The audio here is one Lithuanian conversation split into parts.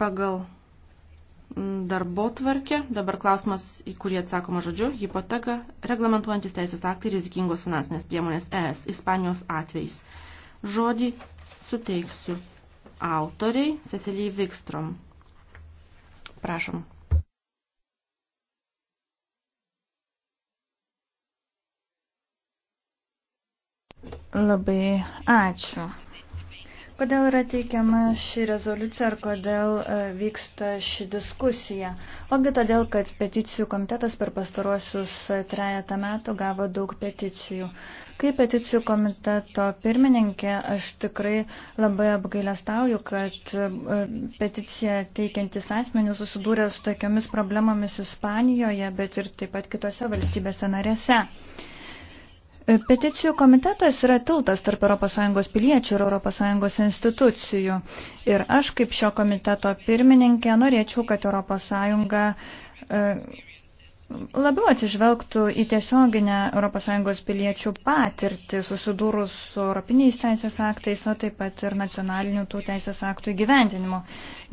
pagal mm, darbo tvarkė. Dabar klausimas, į kurį atsakoma žodžiu, hipoteka, reglamentuojantis teisės aktai rizikingos finansinės priemonės ES, Ispanijos atvejais. Žodį suteiksiu autoriai Cecilijai Vikstrom. Prašom. Labai ačiū. Kodėl yra teikiama ši rezoliucija ir kodėl e, vyksta ši diskusija? Ogi todėl, kad peticijų komitetas per pastaruosius trejata metų gavo daug peticijų. Kaip peticijų komiteto pirmininkė, aš tikrai labai apgailestauju, kad e, peticiją teikiantis asmenys susidūrė su tokiamis problemomis Ispanijoje, bet ir taip pat kitose valstybėse narėse. E, peticijų komitetas yra tiltas tarp ES piliečių ir ES institucijų. Ir aš kaip šio komiteto pirmininkė norėčiau, kad ES e, labiau atsižvelgtų į tiesioginę ES piliečių patirtį susidūrus su europiniais teisės aktais, o taip pat ir nacionalinių tų teisės aktų įgyvendinimu.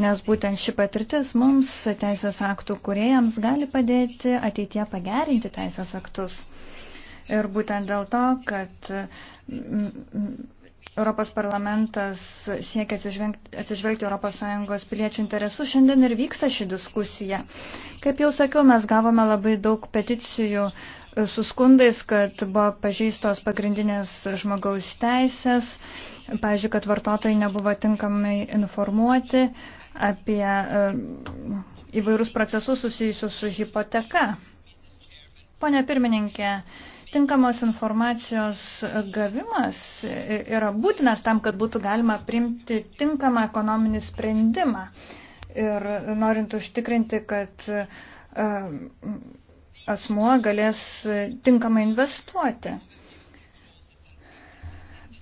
Nes būtent ši patirtis mums, teisės aktų kuriejams, gali padėti ateitie pagerinti teisės aktus. Ir būtent dėl to, kad Europos parlamentas siekia atsižvelgti ES piliečių interesus, šiandien ir vyksta ši diskusija. Kaip jau sakiau, mes gavome labai daug peticijų su skundais, kad buvo pažeistos pagrindinės žmogaus teisės, pavyzdžiui, kad vartotojai nebuvo tinkamai informuoti apie e, įvairius procesus susijusius su hipoteka. Pone pirmininkė, Tinkamos informacijos gavimas yra būtinas tam, kad būtų galima priimti tinkamą ekonominį sprendimą. Ir norint užtikrinti, kad um, asmuo galės tinkamai investuoti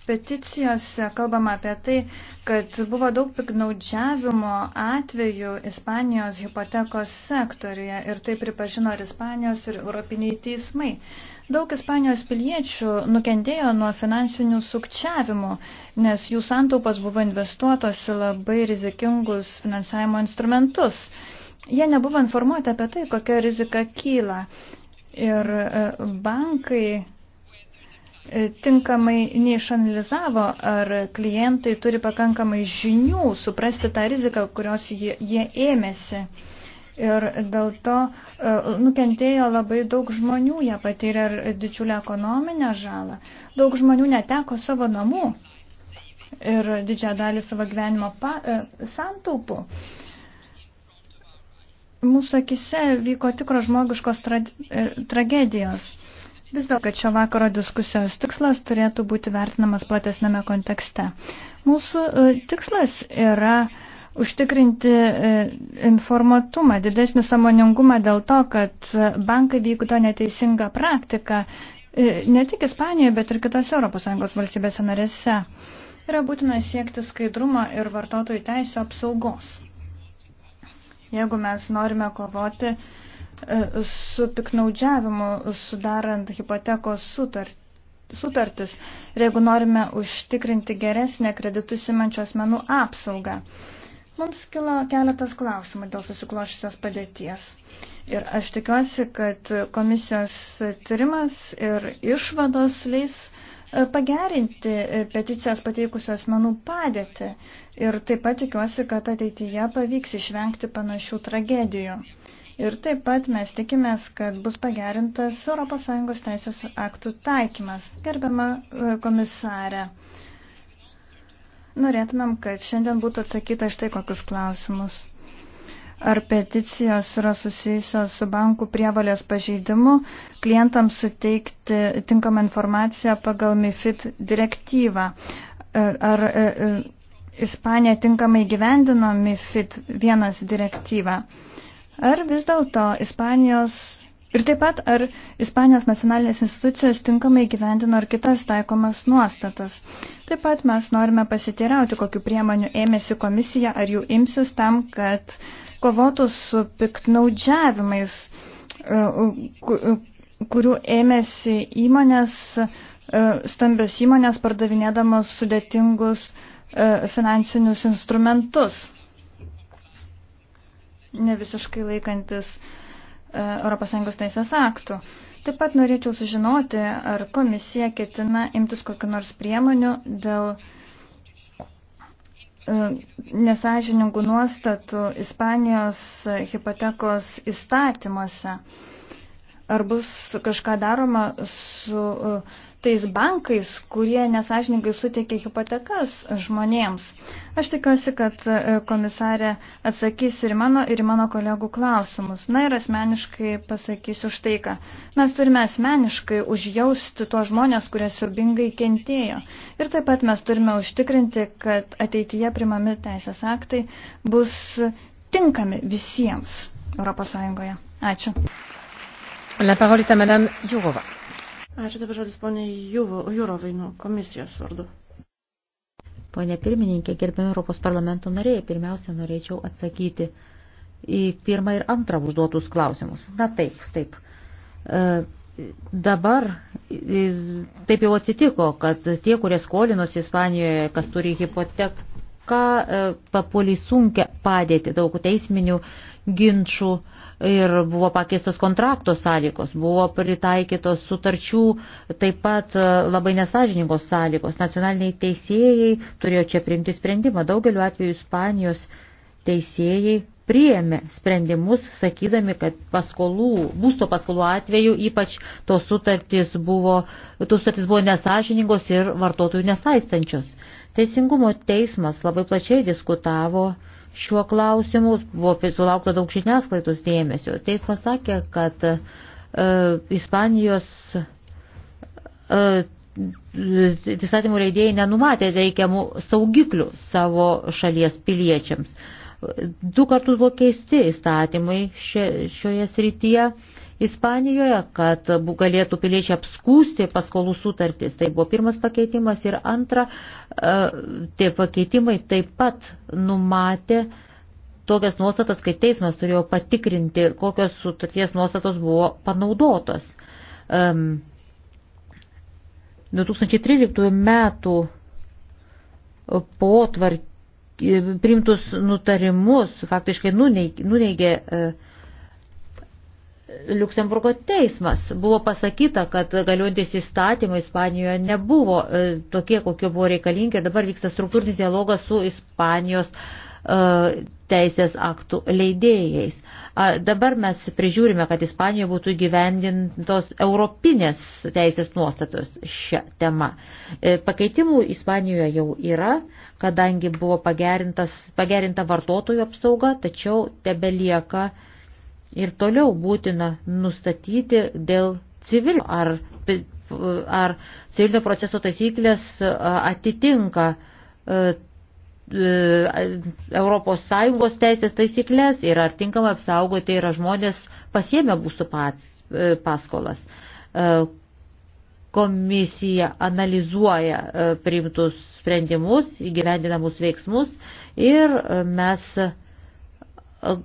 peticijose kalbama apie tai, kad buvo daug piknaudžiavimo atvejų Ispanijos hipotekos sektoriuje ir tai pripažino ir Ispanijos ir Europiniai teismai. Daug Ispanijos piliečių nukentėjo nuo finansinių sukčiavimų, nes jų santaupas buvo investuotos į labai rizikingus finansavimo instrumentus. Jie nebuvo informuoti apie tai, kokia rizika kyla. Ir e, bankai tinkamai neišanalizavo, ar klientai turi pakankamai žinių suprasti tą riziką, kurios jie, jie ėmėsi. Ir dėl to e, nukentėjo labai daug žmonių, jie patyrė ir didžiulę ekonominę žalą. Daug žmonių neteko savo namų ir didžią dalį savo gyvenimo pa, e, santaupų. Mūsų akise vyko tikros žmogiškos tra, e, tragedijos. E, Vis dėlto, kad šio vakaro diskusijos tikslas turėtų būti vertinamas platesnėme kontekste. Mūsų e, tikslas yra užtikrinti e, informatumą, didesnį samoningumą dėl to, kad bankai vykdo neteisingą praktiką e, ne tik Ispanijoje, bet ir kitose ES valstybėse narėse. Yra būtina siekti skaidrumo ir vartotojų teisų apsaugos. Jeigu mes norime kovoti uh, E, su piknaudžiavimu sudarant hipotekos sutartį sutartis ir jeigu norime užtikrinti geresnę kreditus įmančių asmenų apsaugą. Mums kilo keletas klausimų dėl susiklošusios padėties. Ir aš tikiuosi, kad komisijos tyrimas ir išvados leis e, pagerinti e, peticijas pateikusių asmenų padėtį. Ir taip pat tikiuosi, kad ateityje pavyks išvengti panašių tragedijų. Ir taip pat mes tikimės, kad bus pagerintas ES teisės aktų taikymas. Gerbiama e, komisarė, norėtumėm, kad šiandien būtų atsakyta štai kokius klausimus. Ar peticijos yra susijusios su bankų prievalės pažeidimu klientams suteikti tinkamą informaciją pagal MIFID direktyvą? E, ar e, Ispanija tinkamai gyvendino MIFID vienas direktyvą? Ar vis dėlto Ispanijos ir taip pat ar Ispanijos nacionalinės institucijos tinkamai gyvendino ar kitas taikomas nuostatas? Taip pat mes norime pasiteirauti, kokiu priemoniu ėmėsi komisija ar jų imsis tam, kad kovotų su piktnaudžiavimais, e, kurių ėmėsi įmonės, e, stambios įmonės pardavinėdamos sudėtingus e, finansinius instrumentus nevisiškai laikantis ES teisės aktų. Taip pat norėčiau sužinoti, ar komisija ketina imtis kokiu nors priemonių dėl e, nesažiningų nuostatų Ispanijos hipotekos įstatymuose. Ar bus kažką daroma su e, tais bankais, kurie nesažininkai suteikia hipotekas žmonėms? Aš tikiuosi, kad e, komisarė atsakys ir mano, ir mano kolegų klausimus. Na ir asmeniškai pasakysiu štai ką. Mes turime asmeniškai užjausti tuos žmonės, kurie siubingai kentėjo. Ir taip pat mes turime užtikrinti, kad ateityje primami teisės aktai bus tinkami visiems ES. Ačiū. Ačiū dabar žodis ponė Jūrovai nuo komisijos vardu. Pone pirmininkė, gerbiami Europos parlamento nariai, pirmiausia, norėčiau atsakyti į pirmą ir antrą užduotus klausimus. Na taip, taip. E, dabar e, taip jau atsitiko, kad tie, kurie skolinosi Ispanijoje, kas turi hipoteką, e, papuolį sunkia padėti daug teisminių ginčių ir buvo pakeistos kontrakto sąlygos, buvo pritaikytos sutarčių, taip pat e, labai nesažiningos sąlygos. Nacionaliniai teisėjai turėjo čia priimti sprendimą. Daugeliu atveju Ispanijos teisėjai priėmė sprendimus, sakydami, kad paskolų, būsto paskolų atveju ypač tos sutartys buvo, tos sutartys buvo nesažiningos ir vartotojų nesaistančios. Teisingumo teismas labai plačiai diskutavo uh, Šiuo klausimu buvo sulaukta daug žiniasklaidos dėmesio. Teismas sakė, kad e, Ispanijos e, įstatymų leidėjai nenumatė reikiamų saugiklių savo šalies piliečiams. Du kartus buvo keisti įstatymai šioje srityje Ispanijoje, kad galėtų piliečiai apskūsti paskolų sutartis. Tai buvo pirmas pakeitimas. Ir antra, e, tie pakeitimai taip pat numatė tokias nuostatas, kai teismas turėjo patikrinti, kokios sutarties nuostatos buvo panaudotos. 2013 metų potvark, e, primtus nutarimus faktiškai nuneigė. nuneigė Liuksemburgo teismas. Buvo pasakyta, kad galiuojantis įstatymai Ispanijoje nebuvo e, tokie, kokie buvo reikalingi. Dabar vyksta struktūrinis dialogas su Ispanijos e, teisės aktų leidėjais. Dabar mes prižiūrime, kad Ispanijoje būtų gyvendintos europinės teisės nuostatos šią temą. E, pakeitimų Ispanijoje jau yra, kadangi buvo pagerinta vartotojų apsauga, tačiau tebe lieka uh, Ir toliau būtina nustatyti dėl civilinio ar, ar civilinio proceso taisyklės atitinka ES teisės taisyklės ir ar tinkamai apsaugoti yra žmonės pasiemę būstų e, paskolas. Komisija analizuoja priimtus sprendimus, įgyvendinamus veiksmus ir mes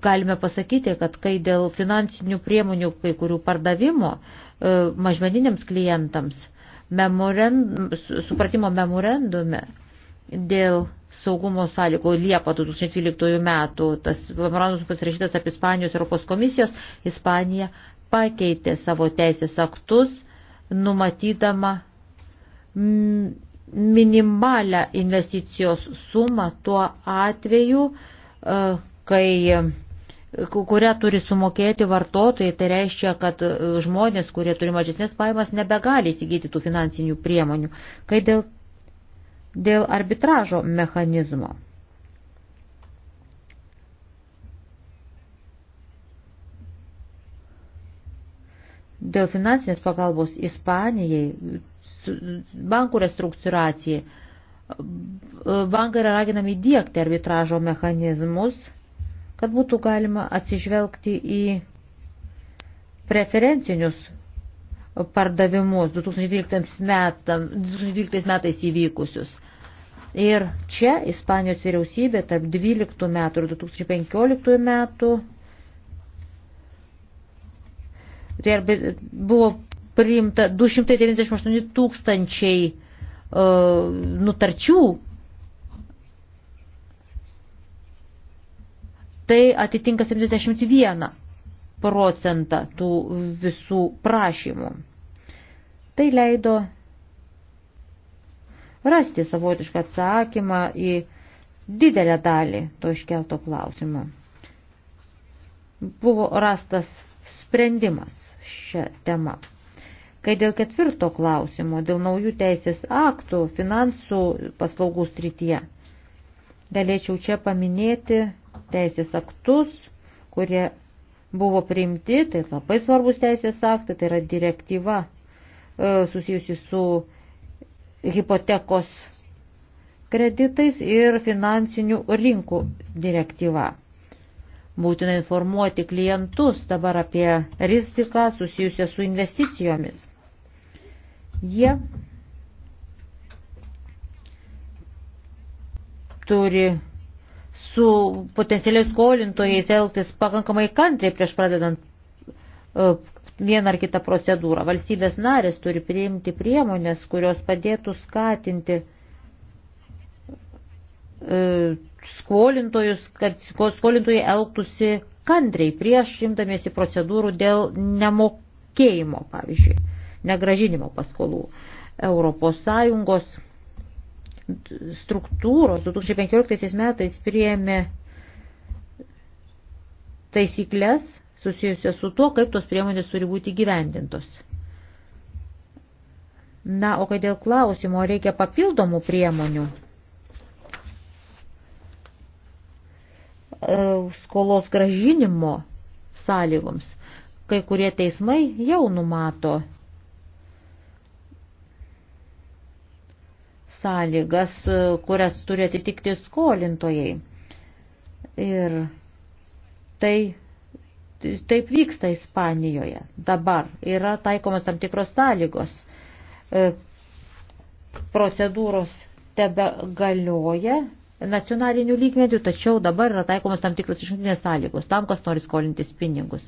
galime pasakyti, kad kai dėl finansinių priemonių kai kurių pardavimo e, mažmeniniams klientams memorandum, supratimo memorandume dėl saugumo sąlygų Liepa 2012 metų, tas memorandumas pasirašytas apie Ispanijos Europos komisijos, Ispanija pakeitė savo teisės aktus, numatydama minimalią investicijos sumą tuo atveju, e, kai kurią turi sumokėti vartotojai, tai reiškia, kad e, žmonės, kurie turi mažesnės paimas, nebegali įsigyti tų finansinių priemonių. Kai dėl, dėl arbitražo mechanizmo. Dėl finansinės pagalbos Ispanijai, bankų restruktūracijai, bankai yra raginami įdėkti arbitražo mechanizmus kad būtų galima atsižvelgti į preferencinius pardavimus 2012 metams, 2012 metais įvykusius. Ir čia Ispanijos vyriausybė tarp 12 metų ir 2015 metų tai buvo priimta 298 tūkstančiai uh, nutarčių tai atitinka 71 procentą tų visų prašymų. Tai leido rasti savotišką atsakymą į didelę dalį to iškelto klausimo. Buvo rastas sprendimas šią temą. Kai dėl ketvirto klausimo, dėl naujų teisės aktų finansų paslaugų srityje, galėčiau čia paminėti teisės aktus, kurie buvo priimti, tai labai svarbus teisės aktai, tai yra direktyva e, susijusi su hipotekos kreditais ir finansinių rinkų direktyva. Būtina informuoti klientus dabar apie riziką susijusią su investicijomis. Jie turi su potencialiais skolintojais elgtis pakankamai kantriai prieš pradedant e, vieną ar kitą procedūrą. Valstybės narės turi priimti priemonės, kurios padėtų skatinti e, skolintojus, kad skolintojai elgtųsi kantriai prieš imdamiesi procedūrų dėl nemokėjimo, pavyzdžiui, negražinimo paskolų. Europos Sąjungos struktūros 2015 metais priėmė taisyklės susijusios su tuo, kaip tos priemonės turi būti gyvendintos. Na, o kai dėl klausimo reikia papildomų priemonių, e, skolos gražinimo sąlygoms, kai kurie teismai jau numato sąlygas, e, kurias turi atitikti skolintojai. Ir tai taip vyksta Ispanijoje dabar. Yra taikomas tam tikros sąlygos. E, procedūros tebe galioja nacionalinių lygmedių, tačiau dabar yra taikomas tam tikros išankstinės sąlygos tam, kas nori skolintis pinigus.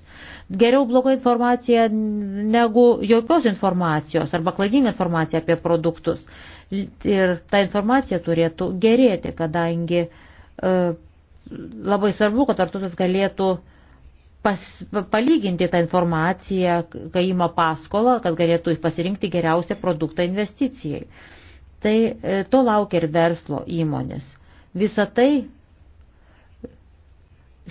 Geriau bloga informacija negu jokios informacijos arba klaidinga informacija apie produktus ir ta informacija turėtų gerėti, kadangi e, labai svarbu, kad tartutis galėtų pas, palyginti tą informaciją, kai ima paskolą, kad galėtų pasirinkti geriausią produktą investicijai. Tai e, to laukia ir verslo įmonės. Visą tai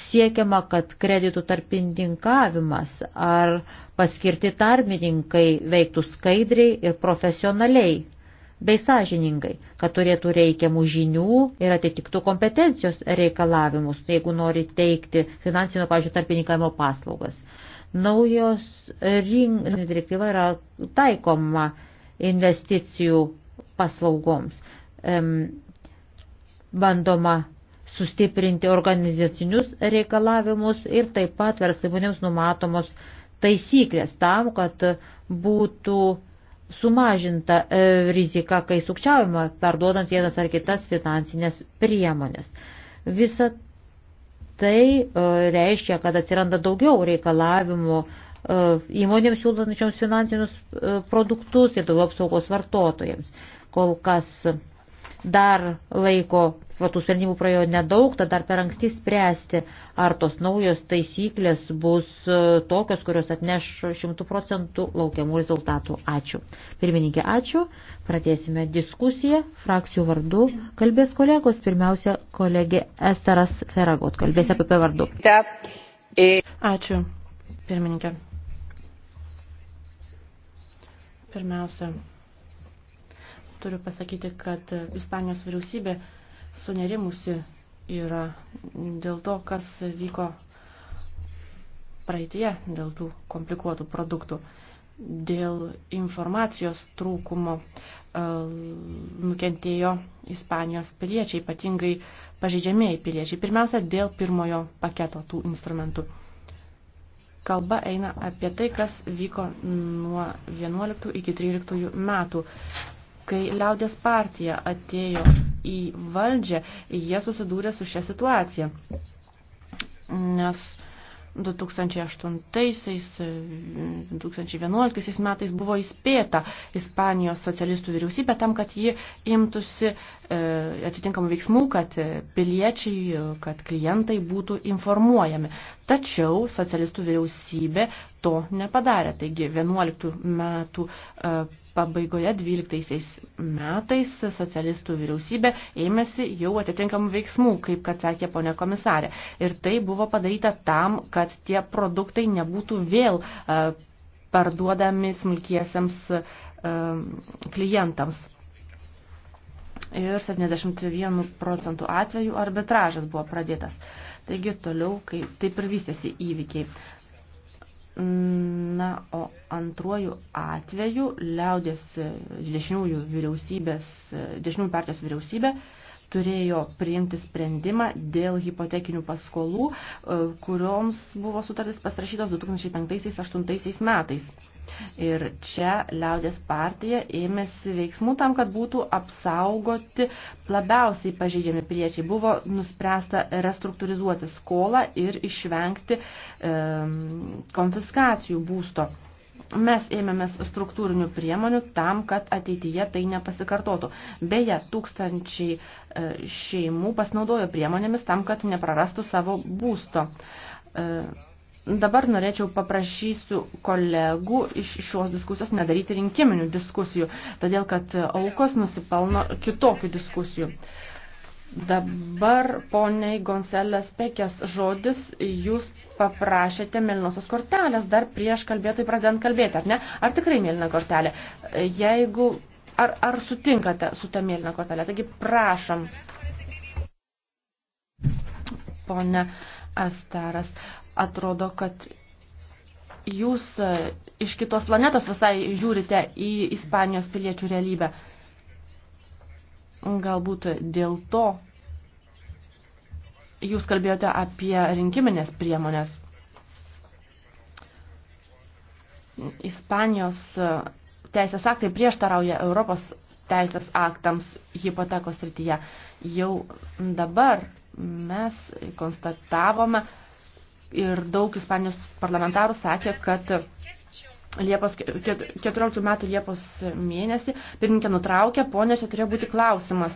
siekiama, kad kreditų tarpininkavimas ar paskirti tarpininkai veiktų skaidriai ir profesionaliai bei sąžiningai, kad turėtų reikiamų žinių ir atitiktų kompetencijos reikalavimus, tai jeigu nori teikti finansinio, pažiūrėjau, tarpininkavimo paslaugas. Naujos rinkos direktyva yra taikoma investicijų paslaugoms. Ehm, bandoma sustiprinti organizacinius reikalavimus ir taip pat verslai numatomos taisyklės tam, kad būtų sumažinta e, rizika, kai sukčiaujama, parduodant vienas ar kitas finansinės priemonės. Visa tai e, reiškia, kad atsiranda daugiau reikalavimų e, įmonėms siūlančioms finansinius produktus ir daugiau apsaugos vartotojams. Kol kas dar laiko Va, tų sprendimų praėjo nedaug, tad dar per anksti spręsti, ar tos naujos taisyklės bus e, tokios, kurios atneš šimtų procentų laukiamų rezultatų. Ačiū. Pirmininkė, ačiū. Pradėsime diskusiją. Frakcijų vardu kalbės kolegos. Pirmiausia, kolegė Esteras Feragot. Kalbės apie P vardu. Ačiū. Pirmininkė. Pirmiausia, turiu pasakyti, kad Ispanijos vyriausybė sunerimusi yra dėl to, kas vyko praeitie, dėl tų komplikuotų produktų, dėl informacijos trūkumo e, nukentėjo Ispanijos piliečiai, ypatingai pažeidžiamieji piliečiai. Pirmiausia, dėl pirmojo paketo tų instrumentų. Kalba eina apie tai, kas vyko nuo 11 iki 13 metų, kai liaudės partija atėjo į valdžią, jie susidūrė su šią situaciją. Nes 2008-2011 metais buvo įspėta Ispanijos socialistų vyriausybė tam, kad ji imtųsi e, atitinkamų veiksmų, kad piliečiai, kad klientai būtų informuojami. Tačiau socialistų vyriausybė to nepadarė. Taigi 11 metų e, pabaigoje, 12 metais socialistų vyriausybė ėmėsi jau atitinkamų veiksmų, kaip kad sakė ponė komisarė. Ir tai buvo padaryta tam, kad tie produktai nebūtų vėl e, parduodami smulkiesiams e, klientams ir 71 procentų atvejų arbitražas buvo pradėtas. Taigi toliau kaip, taip ir vystėsi įvykiai. Na, o antruoju atveju liaudės dešiniųjų, vyriausybės, dešiniųjų partijos vyriausybė turėjo priimti sprendimą dėl hipotekinių paskolų, e, kurioms buvo sutartis pasirašytos 2005-2008 metais. Ir čia liaudės partija ėmėsi veiksmų tam, kad būtų apsaugoti labiausiai pažeidžiami priečiai. Buvo nuspręsta restruktūrizuoti skolą ir išvengti e, konfiskacijų būsto. E, Mes ėmėmės struktūrinių priemonių tam, kad ateityje tai nepasikartotų. Beje, tūkstančiai e, šeimų pasinaudojo priemonėmis tam, kad neprarastų savo būsto. E, dabar norėčiau paprašysiu kolegų iš šios diskusijos nedaryti rinkiminių diskusijų, todėl kad aukos nusipelno kitokių diskusijų. Dabar poniai Gonselės Pekės žodis, jūs paprašėte mėlynosios kortelės dar prieš kalbėtojai pradedant kalbėti, ar ne? Ar tikrai mėlyna kortelė? Jeigu, ar, ar sutinkate su tą mėlyną kortelę? Taigi prašom. Pone Astaras, atrodo, kad jūs iš kitos planetos visai žiūrite į Ispanijos piliečių realybę. Galbūt dėl to jūs kalbėjote apie rinkiminės priemonės. Ispanijos teisės aktai prieštarauja Europos teisės aktams hipotekos srityje. Jau dabar mes konstatavome ir daug Ispanijos parlamentarų sakė, kad Liepos, 14 metų Liepos mėnesį pirmininkė nutraukė, ponė, čia turėjo būti klausimas.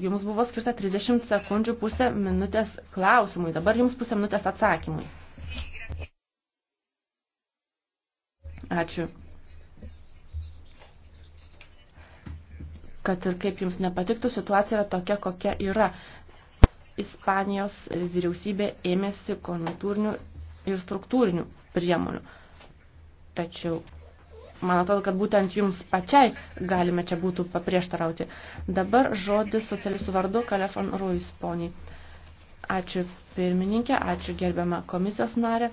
Jums buvo skirta 30 sekundžių pusę minutės klausimui, dabar jums pusę minutės atsakymui. Ačiū. Kad ir kaip jums nepatiktų, situacija yra tokia, kokia yra. Ispanijos vyriausybė ėmėsi konjunktūrinių ir struktūrinių priemonių. Tačiau man atrodo, kad būtent jums pačiai galime čia būtų paprieštarauti. Dabar žodis socialistų vardu Kalefon Ruiz, poniai. Ačiū pirmininkė, ačiū gerbiama komisijos narė.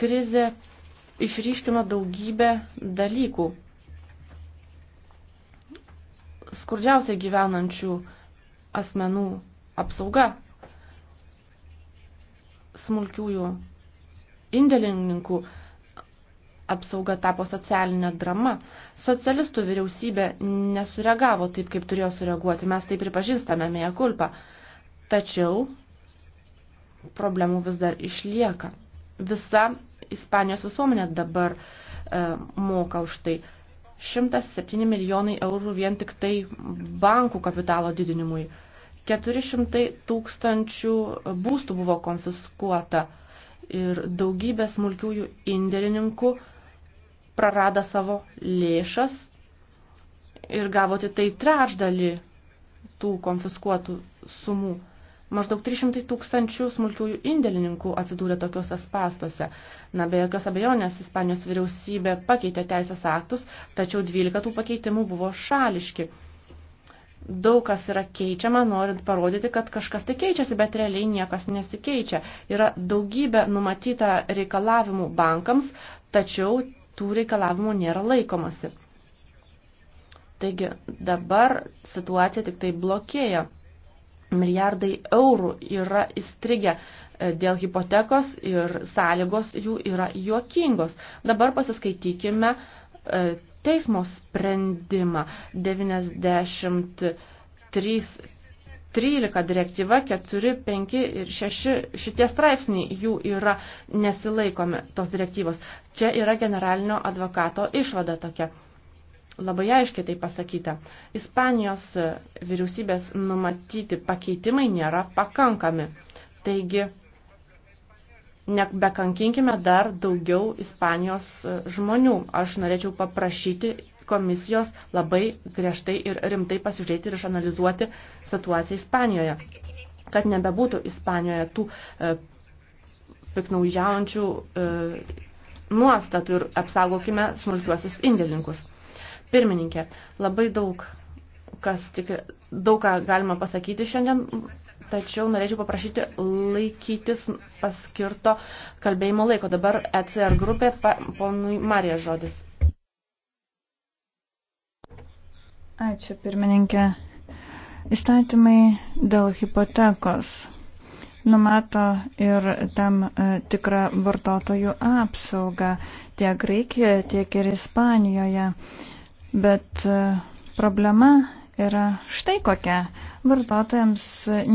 Krizė išryškino daugybę dalykų. Skurdžiausiai gyvenančių asmenų apsauga, smulkiųjų indėlininkų apsauga tapo socialinė drama. Socialistų vyriausybė nesureagavo taip, kaip turėjo sureaguoti. Mes tai pripažįstame, meja kulpa. Tačiau problemų vis dar išlieka. Visa Ispanijos visuomenė dabar e, moka už tai. 107 milijonai eurų vien tik tai bankų kapitalo didinimui. 400 tūkstančių būstų buvo konfiskuota ir daugybė smulkiųjų indėlininkų prarada savo lėšas ir gavo tik tai trečdalį tų konfiskuotų sumų. Maždaug 300 tūkstančių smulkiųjų indėlininkų atsidūrė tokiuose spastuose. Na, be jokios abejonės, Ispanijos vyriausybė pakeitė teisės aktus, tačiau 12 tų pakeitimų buvo šališki. Daug kas yra keičiama, norint parodyti, kad kažkas tai keičiasi, bet realiai niekas nesikeičia. Yra daugybė numatyta reikalavimų bankams, tačiau tų reikalavimų nėra laikomasi. Taigi dabar situacija tik tai blokėja. Milijardai eurų yra įstrigę e, dėl hipotekos ir sąlygos jų yra juokingos. Dabar pasiskaitykime e, teismo sprendimą 93 13 direktyva, 4, 5 ir 6 šitie straipsniai jų yra nesilaikomi tos direktyvos. Čia yra generalinio advokato išvada tokia. Labai aiškiai tai pasakyta. Ispanijos vyriausybės numatyti pakeitimai nėra pakankami. Taigi, nebekankinkime dar daugiau Ispanijos žmonių. Aš norėčiau paprašyti komisijos labai griežtai ir rimtai pasižiūrėti ir išanalizuoti situaciją Ispanijoje. Kad nebebūtų Ispanijoje tų e, piknaudžiaujančių e, nuostatų ir apsaugokime smulkiuosius indėlininkus. Pirmininkė, labai daug, kas tik, daug ką galima pasakyti šiandien, tačiau norėčiau paprašyti laikytis paskirto kalbėjimo laiko. Dabar ECR grupė, pa, ponui Marija žodis. Ačiū, pirmininkė. Įstatymai dėl hipotekos numato ir tam e, tikrą vartotojų apsaugą tiek Graikijoje, tiek ir Ispanijoje. Bet e, problema yra štai kokia. Vartotojams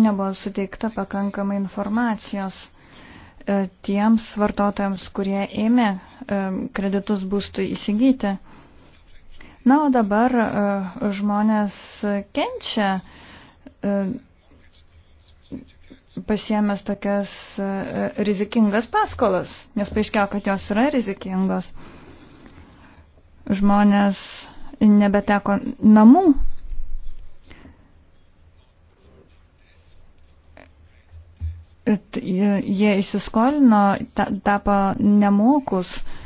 nebuvo suteikta pakankamai informacijos e, tiems vartotojams, kurie ėmė kreditus būstui įsigyti. Na, o dabar e, žmonės kenčia e, pasiemęs tokias e, rizikingas paskolas, nes paaiškėjo, kad jos yra rizikingos. Žmonės nebeteko namų. Jie išsiskolino, tapo nemokus. Ta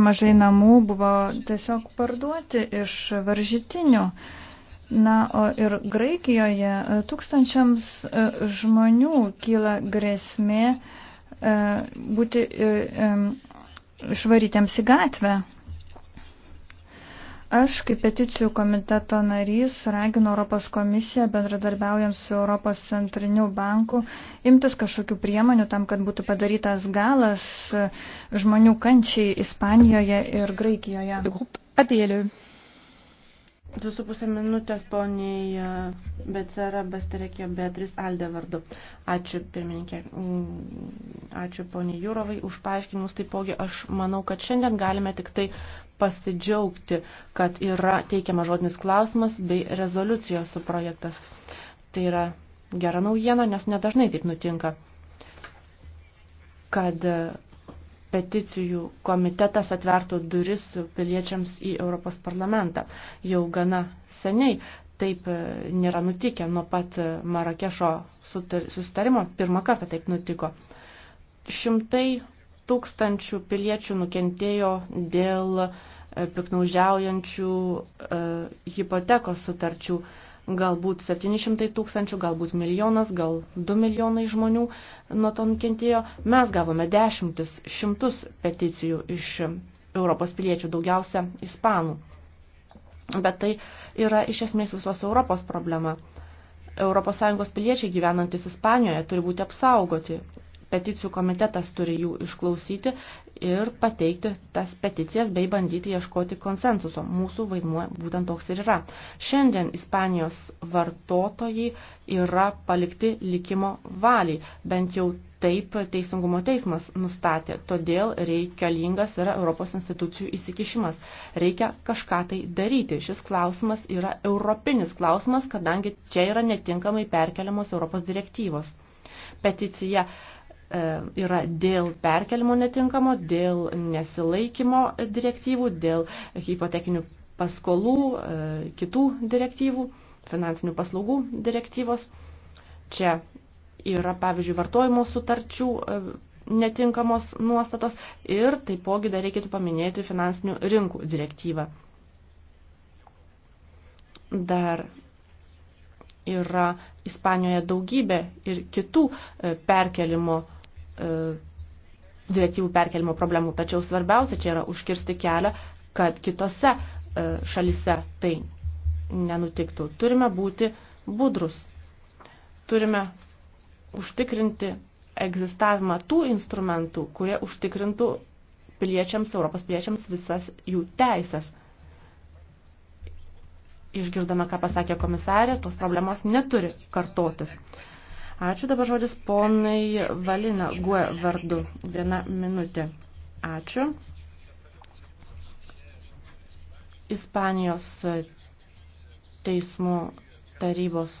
nemažai namų buvo tiesiog parduoti iš varžytinių. Na, o ir Graikijoje e, tūkstančiams e, žmonių kyla grėsmė e, būti išvarytiems į gatvę. Aš, kaip peticijų komiteto narys, raginu Europos komisiją, bendradarbiaujant su Europos centriniu banku, imtis kažkokių priemonių tam, kad būtų padarytas galas žmonių kančiai Ispanijoje ir Graikijoje. Adėliu. E. Du su pusė minutės poniai e, Becera Basterekė Beatris Alde vardu. Ačiū pirmininkė, mm, ačiū poniai Jūrovai už paaiškinimus. Taipogi aš manau, kad šiandien galime tik tai pasidžiaugti, kad yra teikiama žodinis klausimas bei rezoliucijos su projektas. Tai yra gera naujiena, nes nedažnai taip nutinka, kad peticijų komitetas atvertų duris piliečiams į Europos parlamentą. Jau gana seniai taip e, nėra nutikę nuo pat e, Marakešo susitarimo, pirmą kartą taip nutiko. Šimtai tūkstančių piliečių nukentėjo dėl e, piknaužiaujančių hipotekos sutarčių. E, galbūt 700 tūkstančių, galbūt milijonas, gal 2 milijonai žmonių nuo to nukentėjo. Mes gavome dešimtis, šimtus peticijų iš Europos piliečių, daugiausia ispanų. Bet tai yra iš esmės visos Europos problema. ES piliečiai gyvenantis Ispanijoje turi būti apsaugoti peticijų komitetas turi jų išklausyti ir pateikti tas peticijas bei bandyti ieškoti konsensuso. Mūsų vaidmuo būtent toks ir yra. Šiandien Ispanijos vartotojai yra palikti likimo valiai, bent jau taip Teisingumo teismas nustatė. Todėl reikalingas yra Europos institucijų įsikišimas. Reikia kažką tai daryti. Šis klausimas yra europinis klausimas, kadangi čia yra netinkamai perkeliamos Europos direktyvos. Peticija E, yra dėl perkelimo netinkamo, dėl nesilaikymo direktyvų, dėl hipotekinių paskolų, e, kitų direktyvų, finansinių paslaugų direktyvos. Čia yra, pavyzdžiui, vartojimo sutarčių e, netinkamos nuostatos ir taipogi dar reikėtų paminėti finansinių rinkų direktyvą. Dar yra Ispanijoje daugybė ir kitų perkelimo nuostatų E, direktyvų perkelimo problemų. Tačiau svarbiausia čia yra užkirsti kelią, kad kitose e, šalise tai nenutiktų. Turime būti budrus. Turime užtikrinti egzistavimą tų instrumentų, kurie užtikrintų piliečiams, Europos piliečiams visas jų teisės. Išgirdome, ką pasakė komisarė, tos problemos neturi kartotis. Ačiū dabar žodis ponai Valina Gue vardu. Viena minutė. Ačiū. Ispanijos teismų tarybos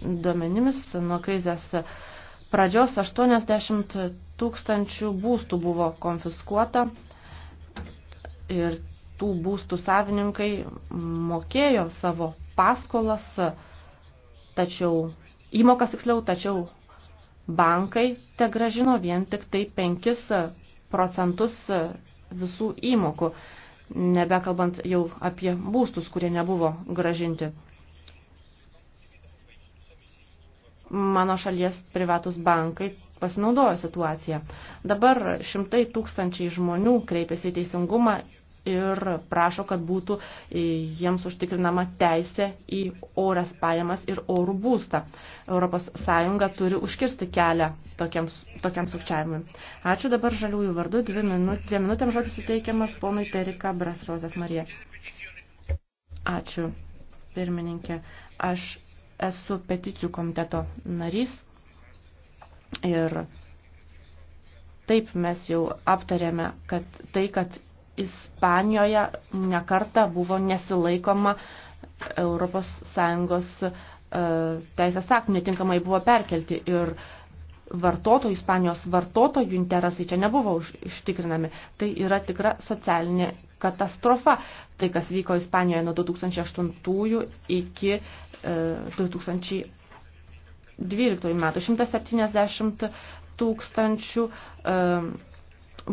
duomenimis nuo krizės pradžios 80 tūkstančių būstų buvo konfiskuota ir tų būstų savininkai mokėjo savo paskolas, tačiau įmokas tiksliau, tačiau bankai te gražino vien tik tai 5 procentus visų įmokų, nebekalbant jau apie būstus, kurie nebuvo gražinti. Mano šalies privatus bankai pasinaudojo situaciją. Dabar šimtai tūkstančiai žmonių kreipėsi į teisingumą ir prašo, kad būtų e, jiems užtikrinama teisė į orės pajamas ir orų būstą. ES turi užkirsti kelią tokiems, tokiam sukčiavimui. Ačiū dabar žaliųjų vardu. Dvi minut, dviem minutėm žodis suteikiamas ponui Terika Brasrozef Marija. Ačiū, pirmininkė. Aš esu peticijų komiteto narys ir taip mes jau aptarėme, kad tai, kad Ispanijoje nekarta buvo nesilaikoma ES e, teisės aktų, netinkamai buvo perkelti ir vartotojų, Ispanijos vartotojų interesai čia nebuvo už, ištikrinami. Tai yra tikra socialinė katastrofa. Tai, kas vyko Ispanijoje nuo 2008 iki e, 2012 metų. 170 tūkstančių e,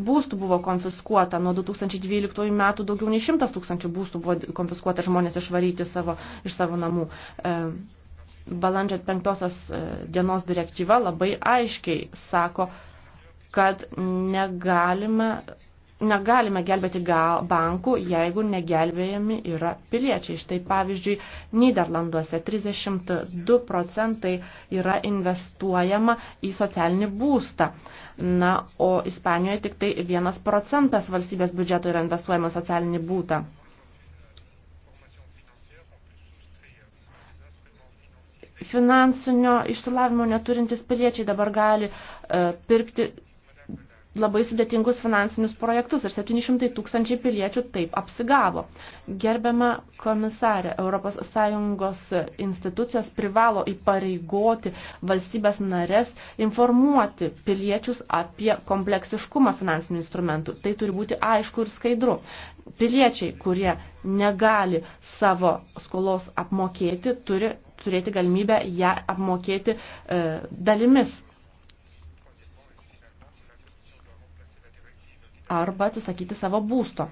būstų buvo konfiskuota. Nuo 2012 metų daugiau nei 100 tūkstančių būstų buvo konfiskuota žmonės išvaryti savo, iš savo namų. E, balandžio 5 e, dienos direktyva labai aiškiai sako, kad negalime negalime gelbėti gal, bankų, jeigu negelbėjami yra piliečiai. Štai pavyzdžiui, Niderlanduose 32 procentai yra investuojama į socialinį būstą. Na, o Ispanijoje tik tai 1 procentas valstybės biudžeto yra investuojama socialinį būtą. Finansinio išsilavimo neturintys piliečiai dabar gali uh, pirkti labai sudėtingus finansinius projektus ir 700 tūkstančiai piliečių taip apsigavo. Gerbiama komisarė, ES institucijos privalo įpareigoti valstybės narės informuoti piliečius apie kompleksiškumą finansinių instrumentų. Tai turi būti aišku ir skaidru. Piliečiai, kurie negali savo skolos apmokėti, turi turėti galimybę ją apmokėti e, dalimis arba atsisakyti savo būsto.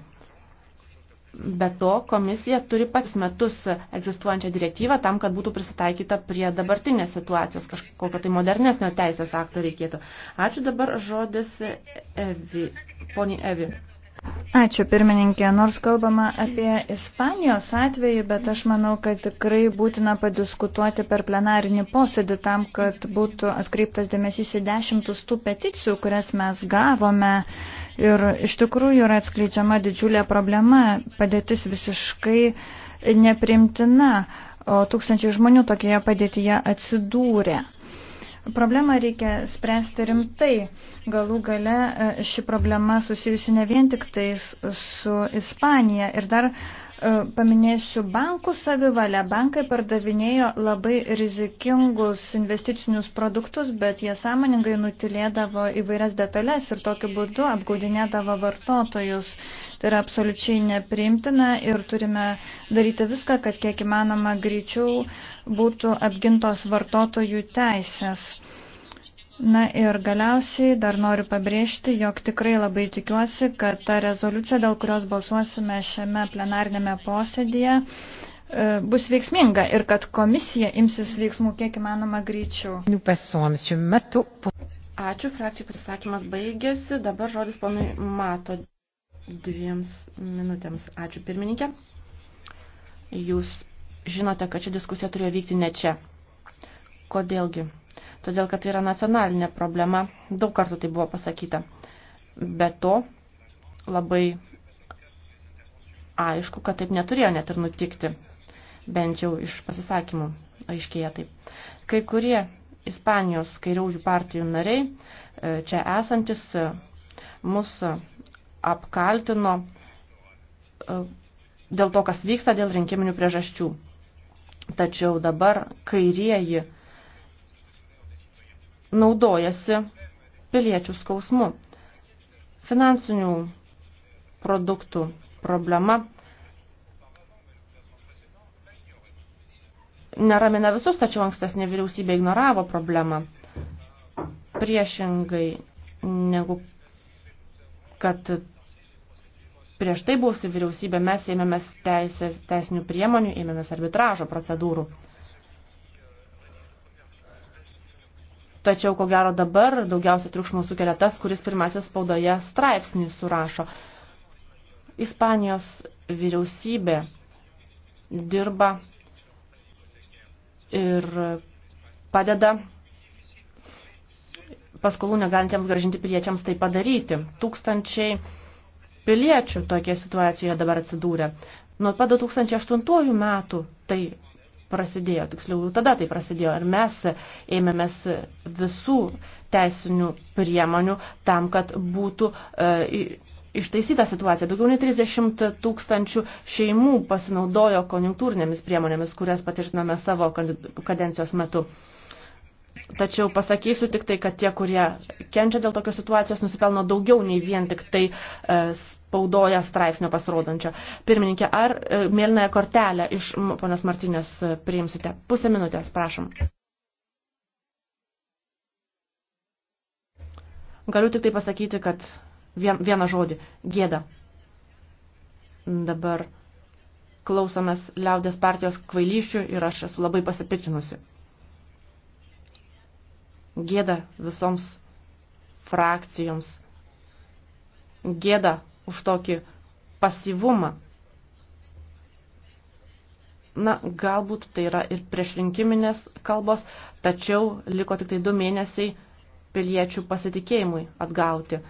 Be to, komisija turi pats metus egzistuojančią direktyvą tam, kad būtų prisitaikyta prie dabartinės situacijos, kažkokio tai modernesnio teisės akto reikėtų. Ačiū dabar žodis Evi, poniai Evi. Ačiū pirmininkė. Nors kalbama apie Ispanijos atvejį, bet aš manau, kad tikrai būtina padiskutuoti per plenarinį posėdį tam, kad būtų atkreiptas dėmesys į dešimtus tų peticijų, kurias mes gavome Ir iš tikrųjų yra atskleidžiama didžiulė problema, padėtis visiškai neprimtina, o tūkstančiai žmonių tokioje padėtyje atsidūrė. Problemą reikia spręsti rimtai. Galų gale e, ši problema susijusi ne vien tik tais su Ispanija. Ir dar uh, E, paminėsiu bankų savivalę. Bankai pardavinėjo labai rizikingus investicinius produktus, bet jie sąmoningai nutilėdavo įvairias detalės ir tokiu būdu apgaudinėdavo vartotojus. Tai yra absoliučiai nepriimtina ir turime daryti viską, kad kiek įmanoma greičiau būtų apgintos vartotojų teisės. Na ir galiausiai dar noriu pabrėžti, jog tikrai labai tikiuosi, kad ta rezoliucija, dėl kurios balsuosime šiame plenarnėme posėdėje, e, bus veiksminga ir kad komisija imsis veiksmų kiek įmanoma greičiau. Ačiū, frakcijų pasisakymas baigėsi. Dabar žodis ponui Mato dviems minutėms. Ačiū, pirmininkė. Jūs žinote, kad ši diskusija turėjo vykti ne čia. Kodėlgi? todėl kad tai yra nacionalinė problema, daug kartų tai buvo pasakyta. Be to, labai aišku, kad taip neturėjo net ir nutikti, bent jau iš pasisakymų aiškėja taip. Kai kurie Ispanijos kairiųjų partijų nariai, e, čia esantis, e, mus apkaltino e, dėl to, kas vyksta dėl rinkiminių priežasčių. Tačiau dabar kairieji naudojasi piliečių skausmu. Finansinių produktų problema neramina visus, tačiau ankstesnė vyriausybė ignoravo problemą. Priešingai negu kad prieš tai buvusi vyriausybė mes ėmėmės teisės, teisinių priemonių, ėmėmės arbitražo procedūrų. Tačiau, ko gero, dabar daugiausia triukšmo sukelia tas, kuris pirmasis spaudoje straipsnį surašo. Ispanijos vyriausybė dirba ir padeda paskolų negalintiems gražinti piliečiams tai padaryti. Tūkstančiai piliečių tokie situacijoje dabar atsidūrė. Nuo pat 2008 metų tai prasidėjo, tiksliau tada tai prasidėjo ir mes ėmėmės visų teisinių priemonių tam, kad būtų e, ištaisyta situacija. Daugiau nei 30 tūkstančių šeimų pasinaudojo konjunktūrinėmis priemonėmis, kurias patirtiname savo kadencijos metu. Tačiau pasakysiu tik tai, kad tie, kurie kenčia dėl tokios situacijos, nusipelno daugiau nei vien tik tai e, spaudoje straipsnio pasirodančio. Pirmininkė, ar e, mėlynąją kortelę iš ponios Martinės e, priimsite? Pusę minutės, prašom. Galiu tik tai pasakyti, kad vien, vieną žodį – gėda. Dabar klausomės liaudės partijos kvailyšių ir aš esu labai pasipiktinusi. Gėda visoms frakcijoms. Gėda už tokį pasyvumą. Na, galbūt tai yra ir priešrinkiminės kalbos, tačiau liko tik tai du mėnesiai piliečių pasitikėjimui atgauti.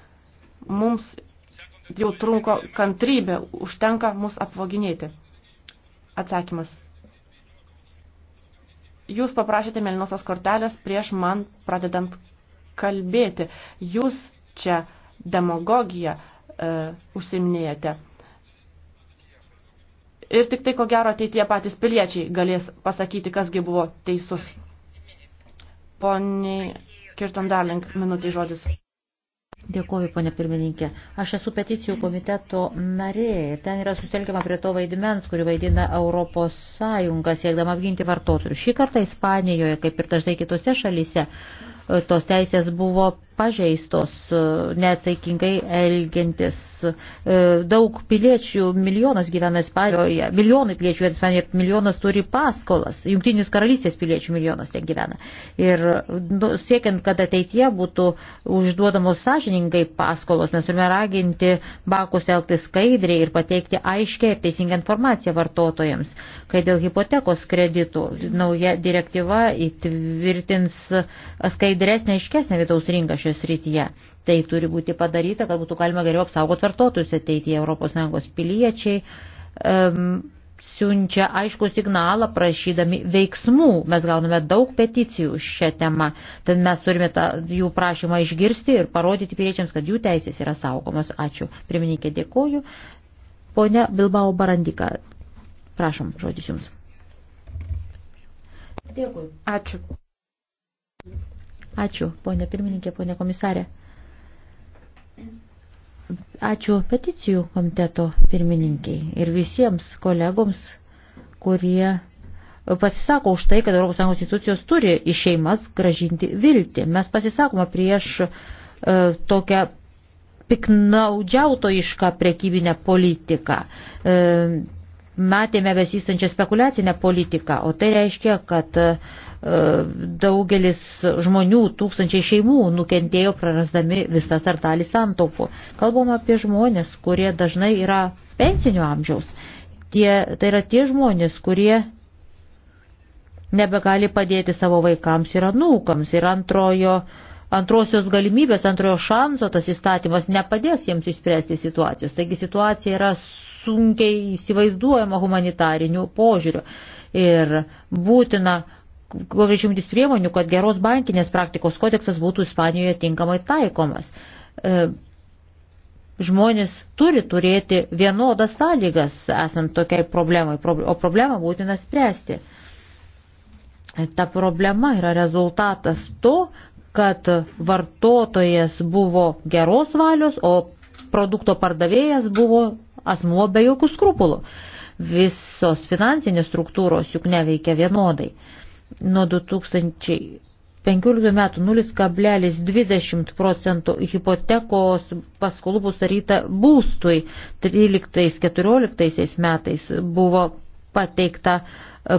Mums jau trunko kantrybė, užtenka mus apvaginėti. Atsakymas. Jūs paprašėte melinosios kortelės prieš man pradedant kalbėti. Jūs čia demagogiją E, užsiminėjate. Ir tik tai, ko gero, ateitie patys piliečiai galės pasakyti, kasgi buvo teisus. Poniai Kirton Darling, minutai žodis. Dėkoju, ponė pirmininkė. Aš esu peticijų komiteto narė ir ten yra susitelkiama prie to vaidmens, kurį vaidina Europos Sąjunga, siekdama apginti vartotojus. Šį kartą Ispanijoje, kaip ir dažnai kitose šalyse, e, tos teisės buvo pažeistos e, neatsakingai elgintis. E, daug piliečių, milijonas gyvena Ispanijoje, milijonai piliečių gyvena Ispanijoje, milijonas turi paskolas, jungtinis karalystės piliečių milijonas ten gyvena. Ir nu, siekiant, kad ateityje būtų užduodamos sąžiningai paskolos, mes turime raginti bankus elgtis skaidriai ir pateikti aiškiai ir teisingą informaciją vartotojams. Kai dėl hipotekos kreditų nauja direktyva įtvirtins skaidresnę, aiškesnę vidaus rinką šios rytyje. Tai turi būti padaryta, kad būtų galima geriau apsaugoti vartotojus ateityje. ES piliečiai um, siunčia aišku signalą prašydami veiksmų. Mes gauname daug peticijų šią temą. Tad mes turime tą, jų prašymą išgirsti ir parodyti piliečiams, kad jų teisės yra saugomos. Ačiū. Pirmininkė, dėkoju. Pone Bilbao Barandika, prašom, žodis jums. Dėkui. Ačiū. Ačiū, ponė pirmininkė, ponė komisarė. Ačiū peticijų komiteto pirmininkiai ir visiems kolegoms, kurie pasisako už tai, kad ES institucijos turi į šeimas gražinti viltį. Mes pasisakome prieš e, tokią piknaudžiautojišką prekybinę politiką. E, matėme besistančią spekulacinę politiką, o tai reiškia, kad e, daugelis žmonių, tūkstančiai šeimų nukentėjo prarasdami visas ar dalį santaupų. Kalbam apie žmonės, kurie dažnai yra pensinio amžiaus. Tie, tai yra tie žmonės, kurie nebegali padėti savo vaikams ir anūkams ir antrojo, antrosios galimybės, antrojo šanso tas įstatymas nepadės jiems išspręsti situacijos. Taigi situacija yra sunkiai įsivaizduojama humanitariniu požiūriu ir būtina kuo greičiau imtis priemonių, kad geros bankinės praktikos kodeksas būtų Ispanijoje tinkamai taikomas. E, žmonės turi turėti vienodas sąlygas esant tokiai problemai, o problemą būtina spręsti. Ta problema yra rezultatas to, kad vartotojas buvo geros valios, o produkto pardavėjas buvo asmuo be jokių skrupulų. Visos finansinės struktūros juk neveikia vienodai. E, nuo 2015 metų 0,20 procentų hipotekos paskolų bus daryta būstui. 13-14 metais buvo pateikta,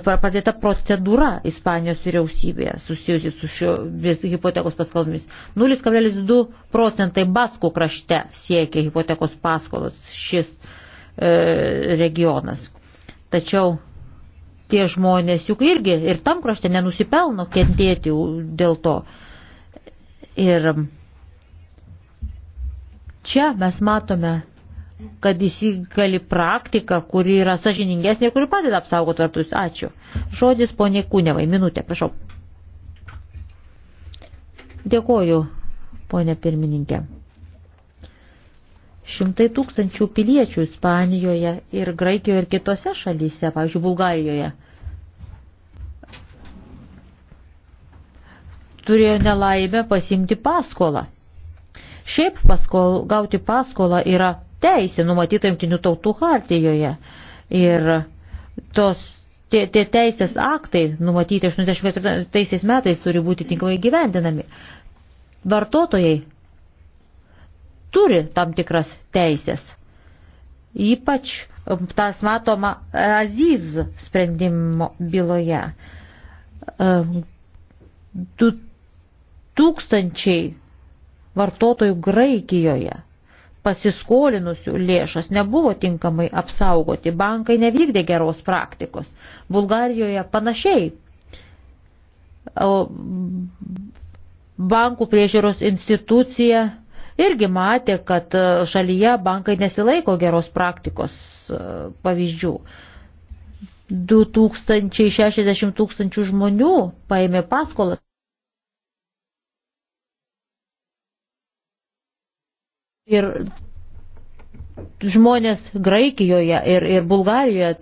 pradėta procedūra Ispanijos vyriausybėje susijusi su šiomis hipotekos paskolomis. 0,2 procentai Baskų krašte siekia hipotekos paskolos šis e, regionas. Tačiau tie žmonės juk irgi ir tam krašte nenusipelno kentėti dėl to. Ir čia mes matome, kad įsigali praktika, kuri yra sažiningesnė ir kuri padeda apsaugoti vartus. Ačiū. Žodis ponė Kūnevai, minutė, prašau. Dėkoju, ponė pirmininkė. Šimtai tūkstančių piliečių Ispanijoje ir Graikijoje ir kitose šalyse, pavyzdžiui, Bulgarijoje, turėjo nelaimę pasimti paskolą. Šiaip paskol, gauti paskolą yra teisė numatyta jungtinių tautų hartijoje. Ir tos, tie, tie teisės aktai numatyti 84 metais turi būti tinkamai gyvendinami. Vartotojai turi tam tikras teisės. Ypač um, tas matoma e, Aziz sprendimo byloje. 2000 um, vartotojų Graikijoje pasiskolinusių lėšas nebuvo tinkamai apsaugoti, bankai nevykdė geros praktikos. Bulgarijoje panašiai. O bankų priežiūros institucija irgi matė, kad e, šalyje bankai nesilaiko geros praktikos e, pavyzdžių. 2060 tūkstančių žmonių paėmė paskolas. Ir žmonės Graikijoje ir, ir Bulgarijoje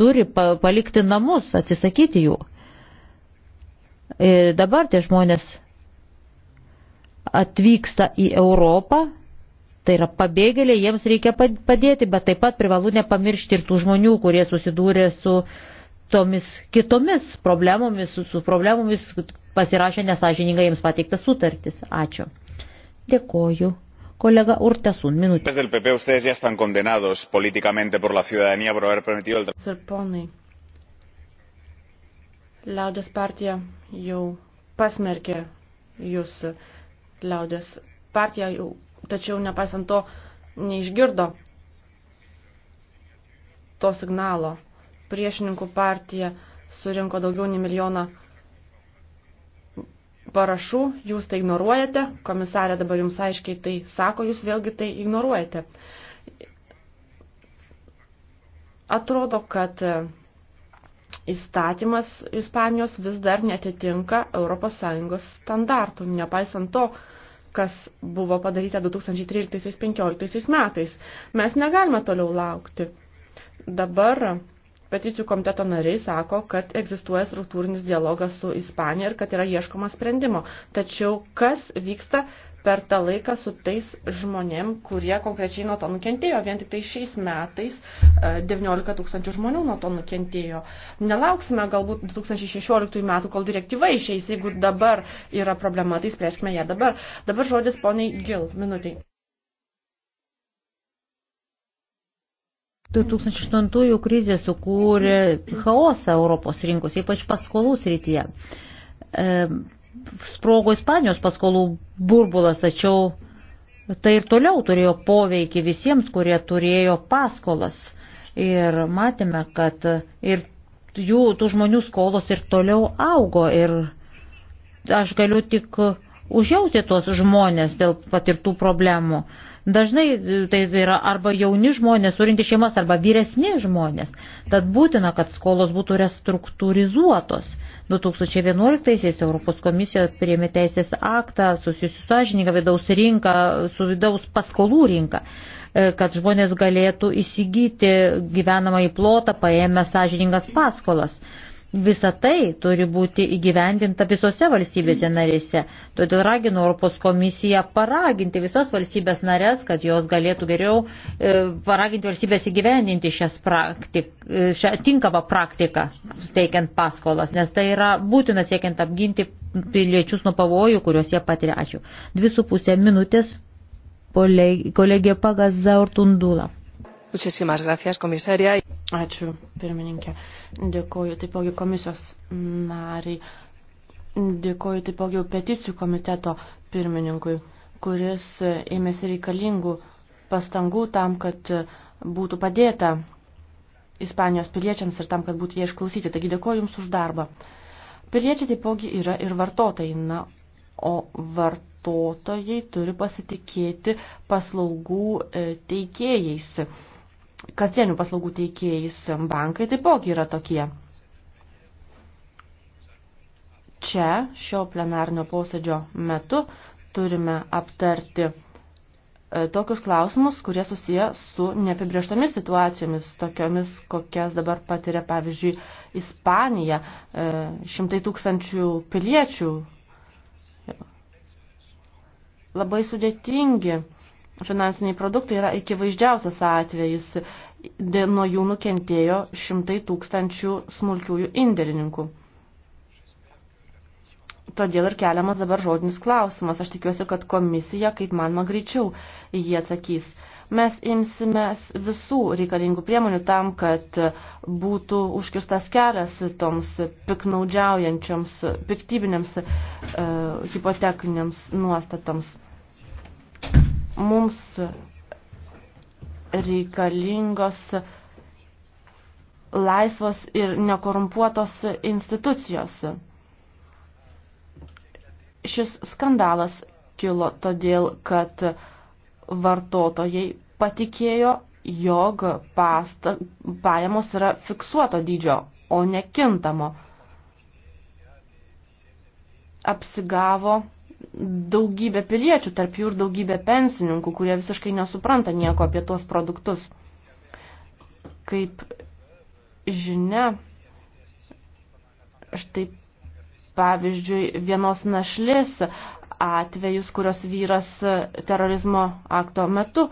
turi palikti namus, atsisakyti jų. Ir e, dabar tie žmonės atvyksta į Europą, tai yra pabėgėliai, jiems reikia padėti, bet taip pat privalu nepamiršti ir tų žmonių, kurie susidūrė su tomis kitomis problemomis, su, su problemomis pasirašė nesažiningai jiems pateiktas sutartis. Ačiū. Dėkoju. Colega Urtasun, minutė. Desde el PP ustedes ya están condenados políticamente por la ciudadanía por haber permitido el... Sirponai, liaudės partija jau pasmerkė jūs liaudės partija jau, tačiau nepaisant to neišgirdo to signalo. Priešininkų partija surinko daugiau nei milijoną parašų, jūs tai ignoruojate, komisarė dabar jums aiškiai tai sako, jūs vėlgi tai ignoruojate. Atrodo, kad įstatymas Ispanijos vis dar netitinka ES standartų, nepaisant to, kas buvo padaryta 2013-2015 metais. Mes negalime toliau laukti. Dabar peticijų komiteto nariai sako, kad egzistuoja struktūrinis dialogas su Ispanija ir kad yra ieškoma sprendimo. Tačiau kas vyksta per tą laiką su tais žmonėm, kurie konkrečiai nuo to nukentėjo. Vien tik tai šiais metais 19 e, tūkstančių žmonių nuo to nukentėjo. Nelauksime galbūt 2016 metų, kol direktyva išeis. Jeigu dabar yra problema, tai spręskime ją dabar. Dabar žodis poniai Gil, minutiai. 2008 krizė sukūrė chaosą Europos rinkos, ypač paskolų srityje sprogo Ispanijos paskolų burbulas, tačiau tai ir toliau turėjo poveikį visiems, kurie turėjo paskolas. Ir matėme, kad ir jų, tų žmonių skolos ir toliau augo. Ir aš galiu tik užjauti tos žmonės dėl patirtų problemų. Uh, Dažnai e, tai yra arba jauni žmonės, turinti šeimas, arba vyresni žmonės. Tad būtina, kad skolos būtų restruktūrizuotos. 2011-aisiais Europos komisija priėmė teisės aktą susijusiu sąžininką vidaus rinką, su vidaus paskolų rinka e, kad žmonės galėtų įsigyti gyvenamą į plotą, paėmę sąžiningas paskolas. Visa tai turi būti įgyvendinta visose valstybėse narėse. Todėl raginu Europos komisiją paraginti visas valstybės narės, kad jos galėtų geriau e, paraginti valstybės įgyvendinti praktik, e, šią tinkamą praktiką, steikiant paskolas, nes tai yra būtina siekiant apginti piliečius nuo pavojų, kuriuos jie patiria. Ačiū. Dvi su pusė minutės kolegė Pagazaurtundula. Ačiū, pirmininkė. Dėkuoju taipogi komisijos nariai. Dėkuoju taipogi peticijų komiteto pirmininkui, kuris ėmėsi reikalingų pastangų tam, kad būtų padėta Ispanijos piliečiams ir tam, kad būtų jie išklausyti. Taigi dėkuoju Jums už darbą. Piliečiai taipogi yra ir vartotojai. Na, o vartotojai turi pasitikėti paslaugų e, teikėjais kasdienių paslaugų teikėjais. Bankai taipogi yra tokie. Čia šio plenarnio posėdžio metu turime aptarti e, tokius klausimus, kurie susiję su neapibrieštomis situacijomis, tokiomis, kokias dabar patiria, pavyzdžiui, Ispanija, e, šimtai tūkstančių piliečių. Labai sudėtingi finansiniai produktai yra akivaizdžiausias atvejis. Nuo jų nukentėjo šimtai tūkstančių smulkiųjų indėlininkų. Todėl ir keliamas dabar žodinis klausimas. Aš tikiuosi, kad komisija, kaip manoma, greičiau jie atsakys. Mes imsimės visų reikalingų priemonių tam, kad būtų užkirstas kelias toms piknaudžiaujančioms, piktybinėms e, hipotekiniams nuostatoms. Mums reikalingos laisvos ir nekorumpuotos institucijos. Šis skandalas kilo todėl, kad vartotojai patikėjo, jog pasta, pajamos yra fiksuoto dydžio, o nekintamo. Apsigavo daugybė piliečių, tarp jų ir daugybė pensininkų, kurie visiškai nesupranta nieko apie tuos produktus. Kaip žinia, štai pavyzdžiui, vienos našlės atvejus, kurios vyras terorizmo akto metu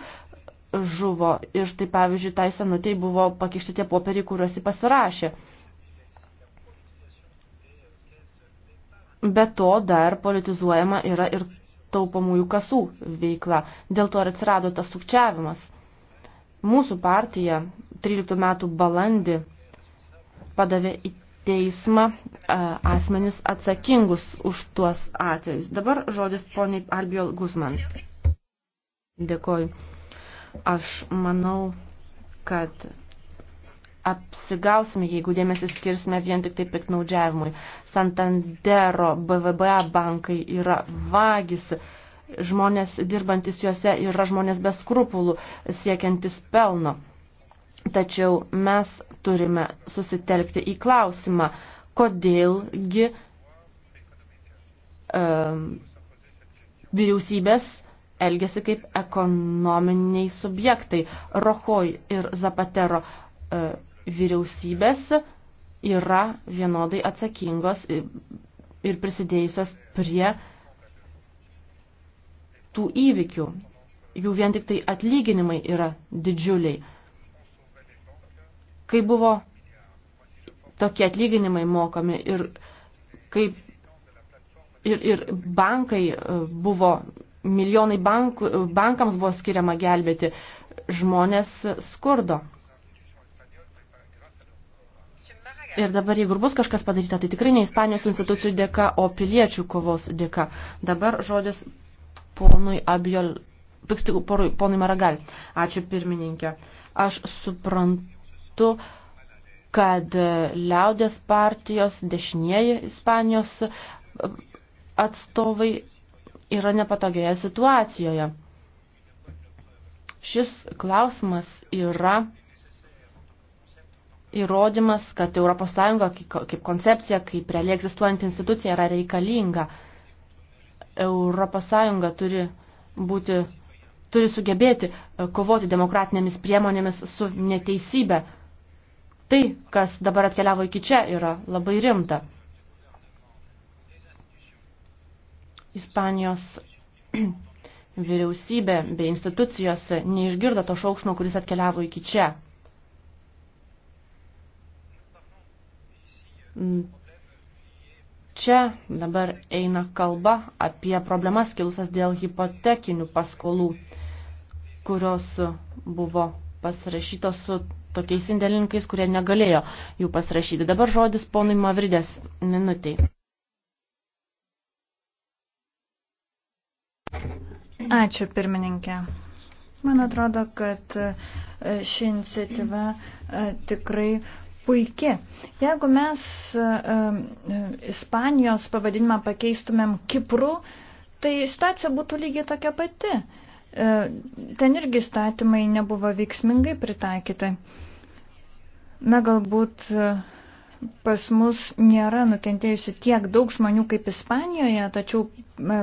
žuvo. Ir štai pavyzdžiui, tai senutėj buvo pakišti tie popieriai, kuriuos jį pasirašė. Be to dar politizuojama yra ir taupomųjų kasų veikla. Dėl to ir atsirado tas sukčiavimas. Mūsų partija 13 metų balandį padavė į teismą asmenis atsakingus už tuos atvejus. Dabar žodis poniai Albio Guzman. Dėkoju. Aš manau, kad apsigausime, jeigu dėmesį skirsime vien tik tai piknaudžiavimui. Santandero, BVBA bankai yra vagys, žmonės dirbantis juose yra žmonės be skrupulų, siekiantis pelno. Tačiau mes turime susitelkti į klausimą, kodėlgi e, vyriausybės elgesi kaip ekonominiai subjektai. Rohoj ir Zapatero e, vyriausybės yra vienodai atsakingos ir prisidėjusios prie tų įvykių. Jų vien tik tai atlyginimai yra didžiuliai. Kai buvo tokie atlyginimai mokami ir kaip ir, ir bankai e, buvo, milijonai bank, bankams buvo skiriama gelbėti, žmonės skurdo. Ir dabar, jeigu bus kažkas padaryta, tai tikrai ne Ispanijos institucijų dėka, o piliečių kovos dėka. Dabar žodis ponui Abjol, porui, ponui Maragal. Ačiū pirmininkė. Aš suprantu, kad liaudės partijos dešinieji Ispanijos atstovai yra nepatogioje situacijoje. Šis klausimas yra įrodymas, kad ES kaip koncepcija, kaip realiai egzistuojanti institucija yra reikalinga. ES turi, būti, turi sugebėti e, kovoti demokratinėmis priemonėmis su neteisybė. Tai, kas dabar atkeliavo iki čia, yra labai rimta. Ispanijos vyriausybė bei institucijos neišgirdo to šauksmo, kuris atkeliavo iki čia. Mm. Čia dabar eina kalba apie problemas kilusias dėl hipotekinių paskolų, kurios buvo pasirašytos su tokiais indėlininkais, kurie negalėjo jų pasirašyti. Dabar žodis ponui Mavridės minutiai. Ačiū pirmininkė. Man atrodo, kad ši iniciatyva e, tikrai puiki. Jeigu mes e, e, Ispanijos pavadinimą pakeistumėm Kipru, tai situacija būtų lygiai tokia pati. E, ten irgi statymai nebuvo veiksmingai pritaikyti. Na galbūt pas mus nėra nukentėjusių tiek daug žmonių kaip Ispanijoje, tačiau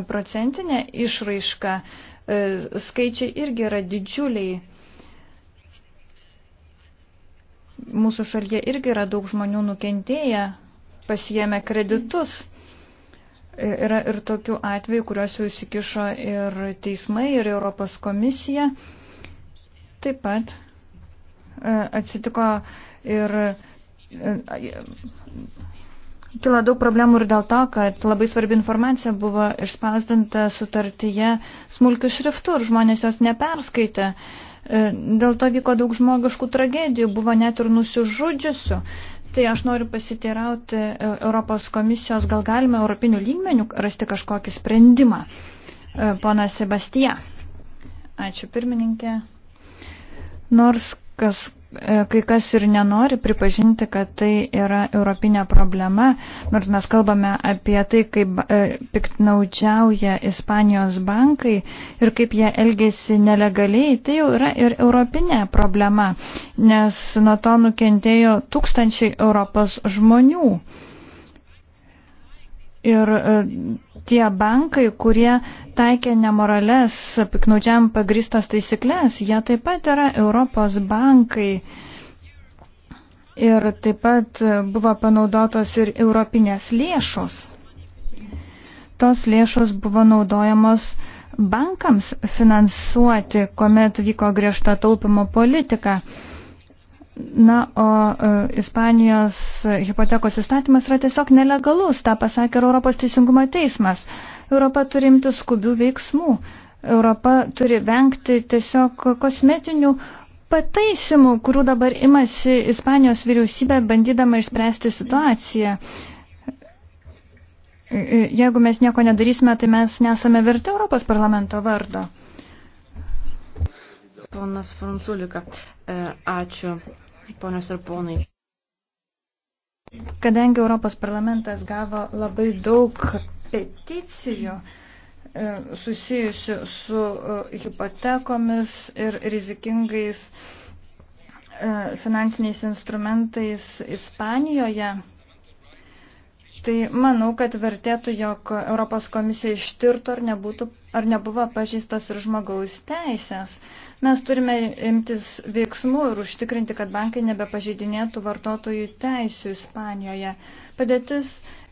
procentinė išraiška skaičiai irgi yra didžiuliai Mūsų šalyje irgi yra daug žmonių nukentėję, pasijėmė kreditus. Yra ir tokių atvejų, kuriuos jau įsikišo ir teismai, ir Europos komisija. Taip pat e, atsitiko ir e, Kilo daug problemų ir dėl to, kad labai svarbi informacija buvo išspausdinta sutartyje smulkių šriftų ir žmonės jos neperskaitė. E, dėl to vyko daug žmogiškų tragedijų, buvo net ir nusižudžiusių. Tai aš noriu pasiteirauti e, Europos komisijos, gal galime europinių lygmenių rasti kažkokį sprendimą. E, Pana Sebastija. Ačiū pirmininkė. Nors kas E, kai kas ir nenori pripažinti, kad tai yra europinė problema, nors mes kalbame apie tai, kaip e, piktnaudžiauja Ispanijos bankai ir kaip jie elgesi nelegaliai, tai jau yra ir europinė problema, nes nuo to nukentėjo tūkstančiai Europos žmonių. Ir e, tie bankai, kurie taikė nemorales, piknaudžiam pagristas taisyklės, jie taip pat yra Europos bankai. Ir taip pat e, buvo panaudotos ir europinės lėšos. Tos lėšos buvo naudojamos bankams finansuoti, kuomet vyko griežta taupimo politika. Na, o e, Ispanijos hipotekos įstatymas yra tiesiog nelegalus, tą pasakė ir Europos teisingumo teismas. Europa turi imti skubių veiksmų. Europa turi vengti tiesiog kosmetinių pataisimų, kurių dabar imasi Ispanijos vyriausybė bandydama išspręsti situaciją. E, e, jeigu mes nieko nedarysime, tai mes nesame verti Europos parlamento vardo. Ponas Franculika, ačiū ponios ir ponai. Kadangi Europos parlamentas gavo labai daug peticijų e, susijusių su e, hipotekomis ir rizikingais e, finansiniais instrumentais Ispanijoje, tai manau, kad vertėtų, jog Europos komisija ištirtų, ar, nebūtų, ar nebuvo pažįstos ir žmogaus teisės. Mes turime imtis veiksmų ir užtikrinti, kad bankai nebepažeidinėtų vartotojų teisų Ispanijoje. Padėtis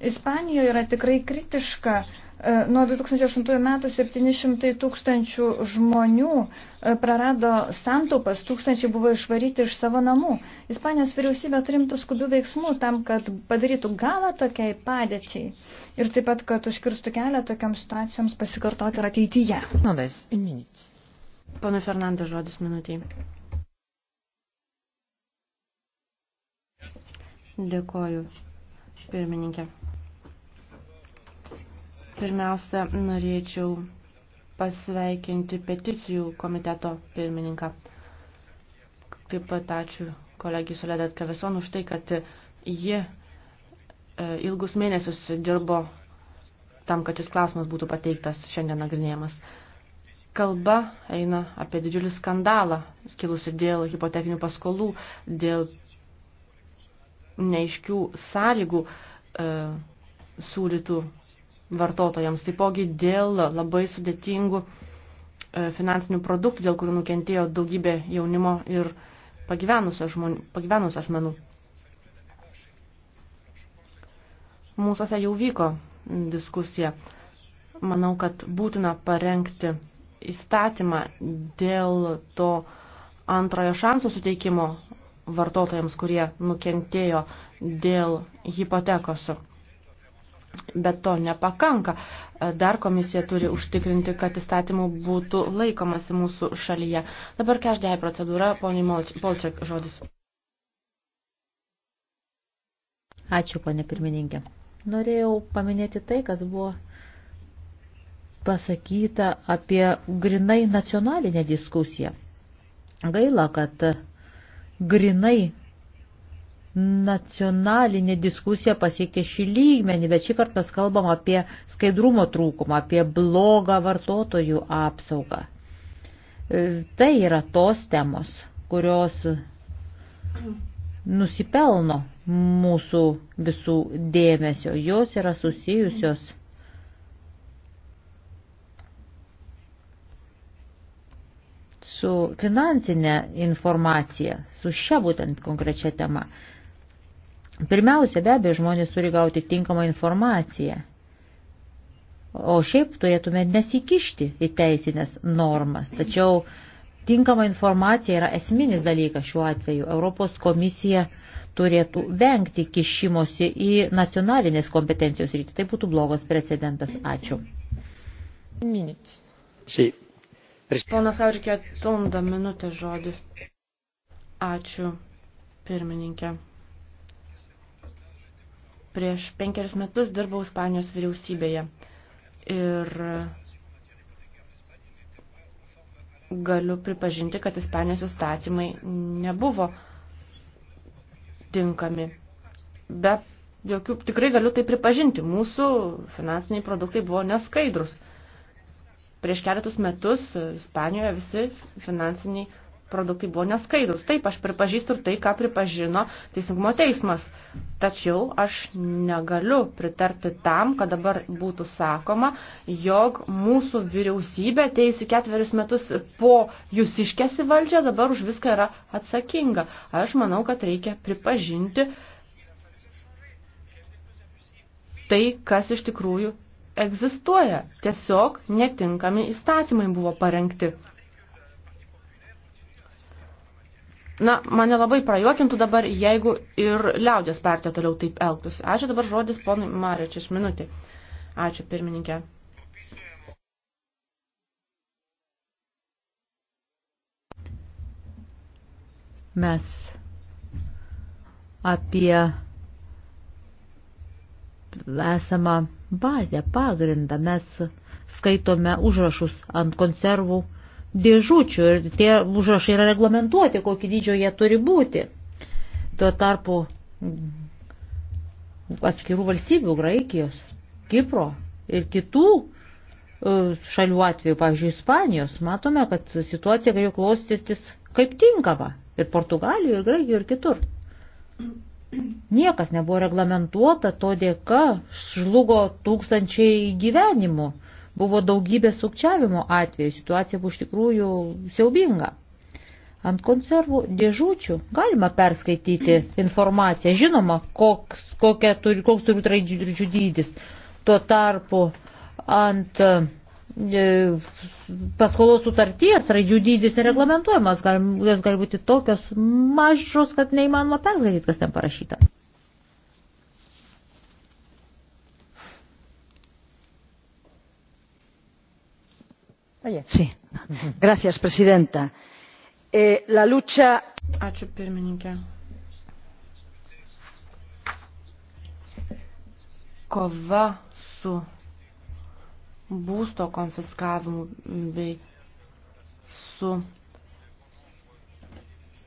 Ispanijoje yra tikrai kritiška. E, nuo 2008 metų 700 tūkstančių žmonių e, prarado santaupas, tūkstančiai buvo išvaryti iš savo namų. Ispanijos vyriausybė turimtų skubių veiksmų tam, kad padarytų galą tokiai padėčiai ir taip pat, kad užkirstų kelią tokiams situacijoms pasikartoti ir ateityje. No, Pana Fernandas žodis minutiai. Dėkoju, pirmininkė. Pirmiausia, norėčiau pasveikinti peticijų komiteto pirmininką. Taip pat ačiū kolegijai Soledat Kaveson už tai, kad ji e, ilgus mėnesius dirbo tam, kad šis klausimas būtų pateiktas šiandien nagrinėjamas. Kalba eina apie didžiulį skandalą, kilusi dėl hipotekinių paskolų, dėl neiškių sąlygų e, siūlytų vartotojams, taipogi dėl labai sudėtingų e, finansinių produktų, dėl kurių nukentėjo daugybė jaunimo ir pagyvenusios, žmonių, pagyvenusios asmenų. Mūsųse jau vyko diskusija. Manau, kad būtina parengti įstatymą dėl to antrojo šansų suteikimo vartotojams, kurie nukentėjo dėl hipotekos. Bet to nepakanka. Dar komisija turi užtikrinti, kad įstatymų būtų laikomasi mūsų šalyje. Dabar kešdėjai procedūra, poniai Polčiak žodis. Ačiū, ponė pirmininkė. Norėjau paminėti tai, kas buvo pasakyta apie grinai nacionalinę diskusiją. Gaila, kad grinai nacionalinė diskusija pasiekė šį lygmenį, bet šį kartą mes kalbam apie skaidrumo trūkumą, apie blogą vartotojų apsaugą. E, tai yra tos temos, kurios nusipelno mūsų visų dėmesio. Jos yra susijusios su finansinė informacija, su šia būtent konkrečia tema. Pirmiausia, be abejo, žmonės turi gauti tinkamą informaciją. O šiaip turėtume nesikišti į teisinės normas. Tačiau tinkama informacija yra esminis dalykas šiuo atveju. Europos komisija turėtų vengti kišimosi į nacionalinės kompetencijos rytį. Tai būtų blogas precedentas. Ačiū. Minut. Sí, Ponas Aurikė, tunda minutė žodis. Ačiū, pirmininkė. Prieš penkeris metus dirbau Ispanijos vyriausybėje ir galiu pripažinti, kad Ispanijos įstatymai nebuvo tinkami. Be jokių, tikrai galiu tai pripažinti, mūsų finansiniai produktai buvo neskaidrus. Prieš keletus metus e, Ispanijoje visi finansiniai produktai buvo neskaidrus. Taip, aš pripažįstu ir tai, ką pripažino Teisingumo teismas. Tačiau aš negaliu pritarti tam, kad dabar būtų sakoma, jog mūsų vyriausybė teisi ketveris metus po jūs iškesi valdžią, dabar už viską yra atsakinga. Aš manau, kad reikia pripažinti tai, kas iš tikrųjų egzistuoja, tiesiog netinkami įstatymai buvo parengti. Na, mane labai prajuokintų dabar, jeigu ir liaudės partija toliau taip elgtųsi. Ačiū dabar žodis ponui Marečiui iš minutį. Ačiū pirmininkė. Mes apie esamą bazę, pagrindą. Mes skaitome užrašus ant konservų dėžučių ir tie užrašai yra reglamentuoti, kokį dydžio jie turi būti. Tuo tarpu atskirų valstybių, Graikijos, Kipro ir kitų e, šalių atveju, pavyzdžiui, Ispanijos, matome, kad situacija galėjo klostytis kaip tinkama ir Portugalijoje, ir Graikijoje, ir kitur. Niekas nebuvo reglamentuota, to dėka žlugo tūkstančiai gyvenimų, buvo daugybė sukčiavimo atvejų, situacija buvo iš tikrųjų siaubinga. Ant konservų dėžučių galima perskaityti informaciją, žinoma, koks, turi, koks turi raidžių dydis. Tuo tarpu ant uh, E, paskolos sutarties raidžių dydis reglamentuojamas, gal, jos gali būti tokios mažos, kad neįmanoma perskaityti, kas ten parašyta. Sí. Gracias, presidenta. Eh, la lucha. Ačiū pirmininkė. Kova su būsto konfiskavimu bei su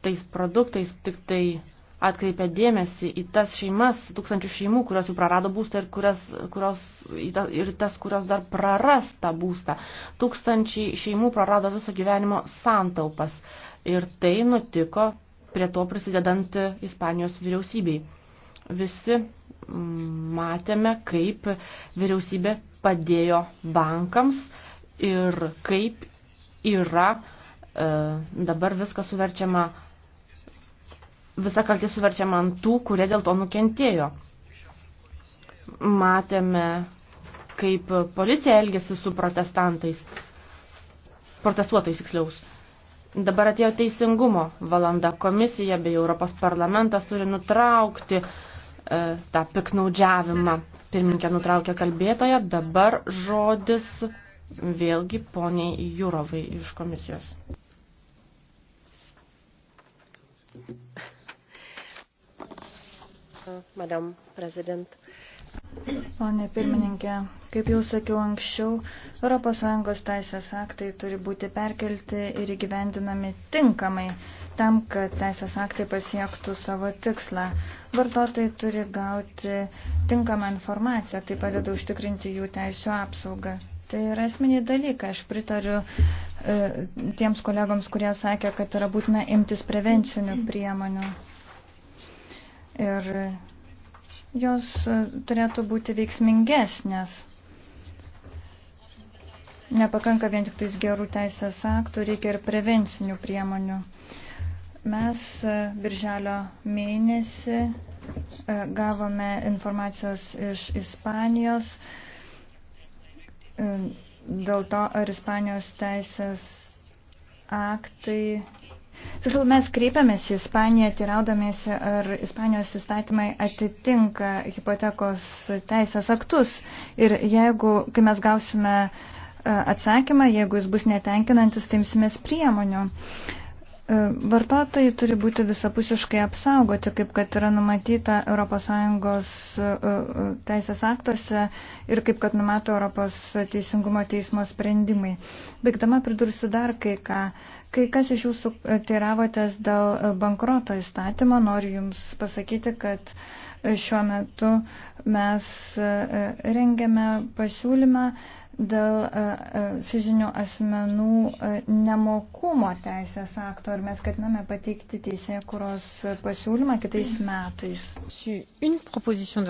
tais produktais tik tai atkreipia dėmesį į tas šeimas, tūkstančių šeimų, kurios jau prarado būstą ir, kurias, kurios, ir tas, kurios dar praras tą būstą. Tūkstančiai šeimų prarado viso gyvenimo santaupas ir tai nutiko prie to prisidedant Ispanijos vyriausybei. Visi matėme, kaip vyriausybė padėjo bankams ir kaip yra e, dabar viskas suverčiama, visa kaltė suverčiama ant tų, kurie dėl to nukentėjo. Matėme, kaip policija elgėsi su protestantais, protestuotais tiksliaus. Dabar atėjo teisingumo valanda, komisija bei Europos parlamentas turi nutraukti uh, E, tą piknaudžiavimą. Pirminkė nutraukė kalbėtoją, dabar žodis vėlgi poniai Jurovai iš komisijos. Madam President. Pane pirmininkė, kaip jau sakiau anksčiau, ES teisės aktai turi būti perkelti ir įgyvendinami tinkamai tam, kad teisės aktai pasiektų savo tikslą. Vartotojai turi gauti tinkamą informaciją, tai padeda užtikrinti jų teisų apsaugą. Tai yra esminiai dalykai. Aš pritariu e, tiems kolegoms, kurie sakė, kad yra būtina imtis prevencinių priemonių. Ir jos turėtų būti veiksmingesnės. Nepakanka vien tik tais gerų teisės aktų, reikia ir prevencinių priemonių. E, Mes e, birželio mėnesį e, gavome informacijos iš Ispanijos e, dėl to, ar Ispanijos teisės aktai. Tiksliau, mes kreipiamės į Ispaniją, tyraudamėsi, ar Ispanijos įstatymai atitinka hipotekos teisės aktus. Ir jeigu, kai mes gausime atsakymą, jeigu jis bus netenkinantis, tai imsimės priemonių. Uh, E, vartotojai turi būti visapusiškai apsaugoti, kaip kad yra numatyta ES e, e, teisės aktuose ir kaip kad numato Europos teisingumo teismo sprendimai. Baigdama pridursiu dar kai ką. Kai kas iš jūsų teiravotės dėl bankroto įstatymo, noriu Jums pasakyti, kad šiuo metu mes rengiame pasiūlymą dėl e, e, fizinių asmenų e, nemokumo teisės akto ir mes ketiname pateikti teisėkuros pasiūlymą kitais metais.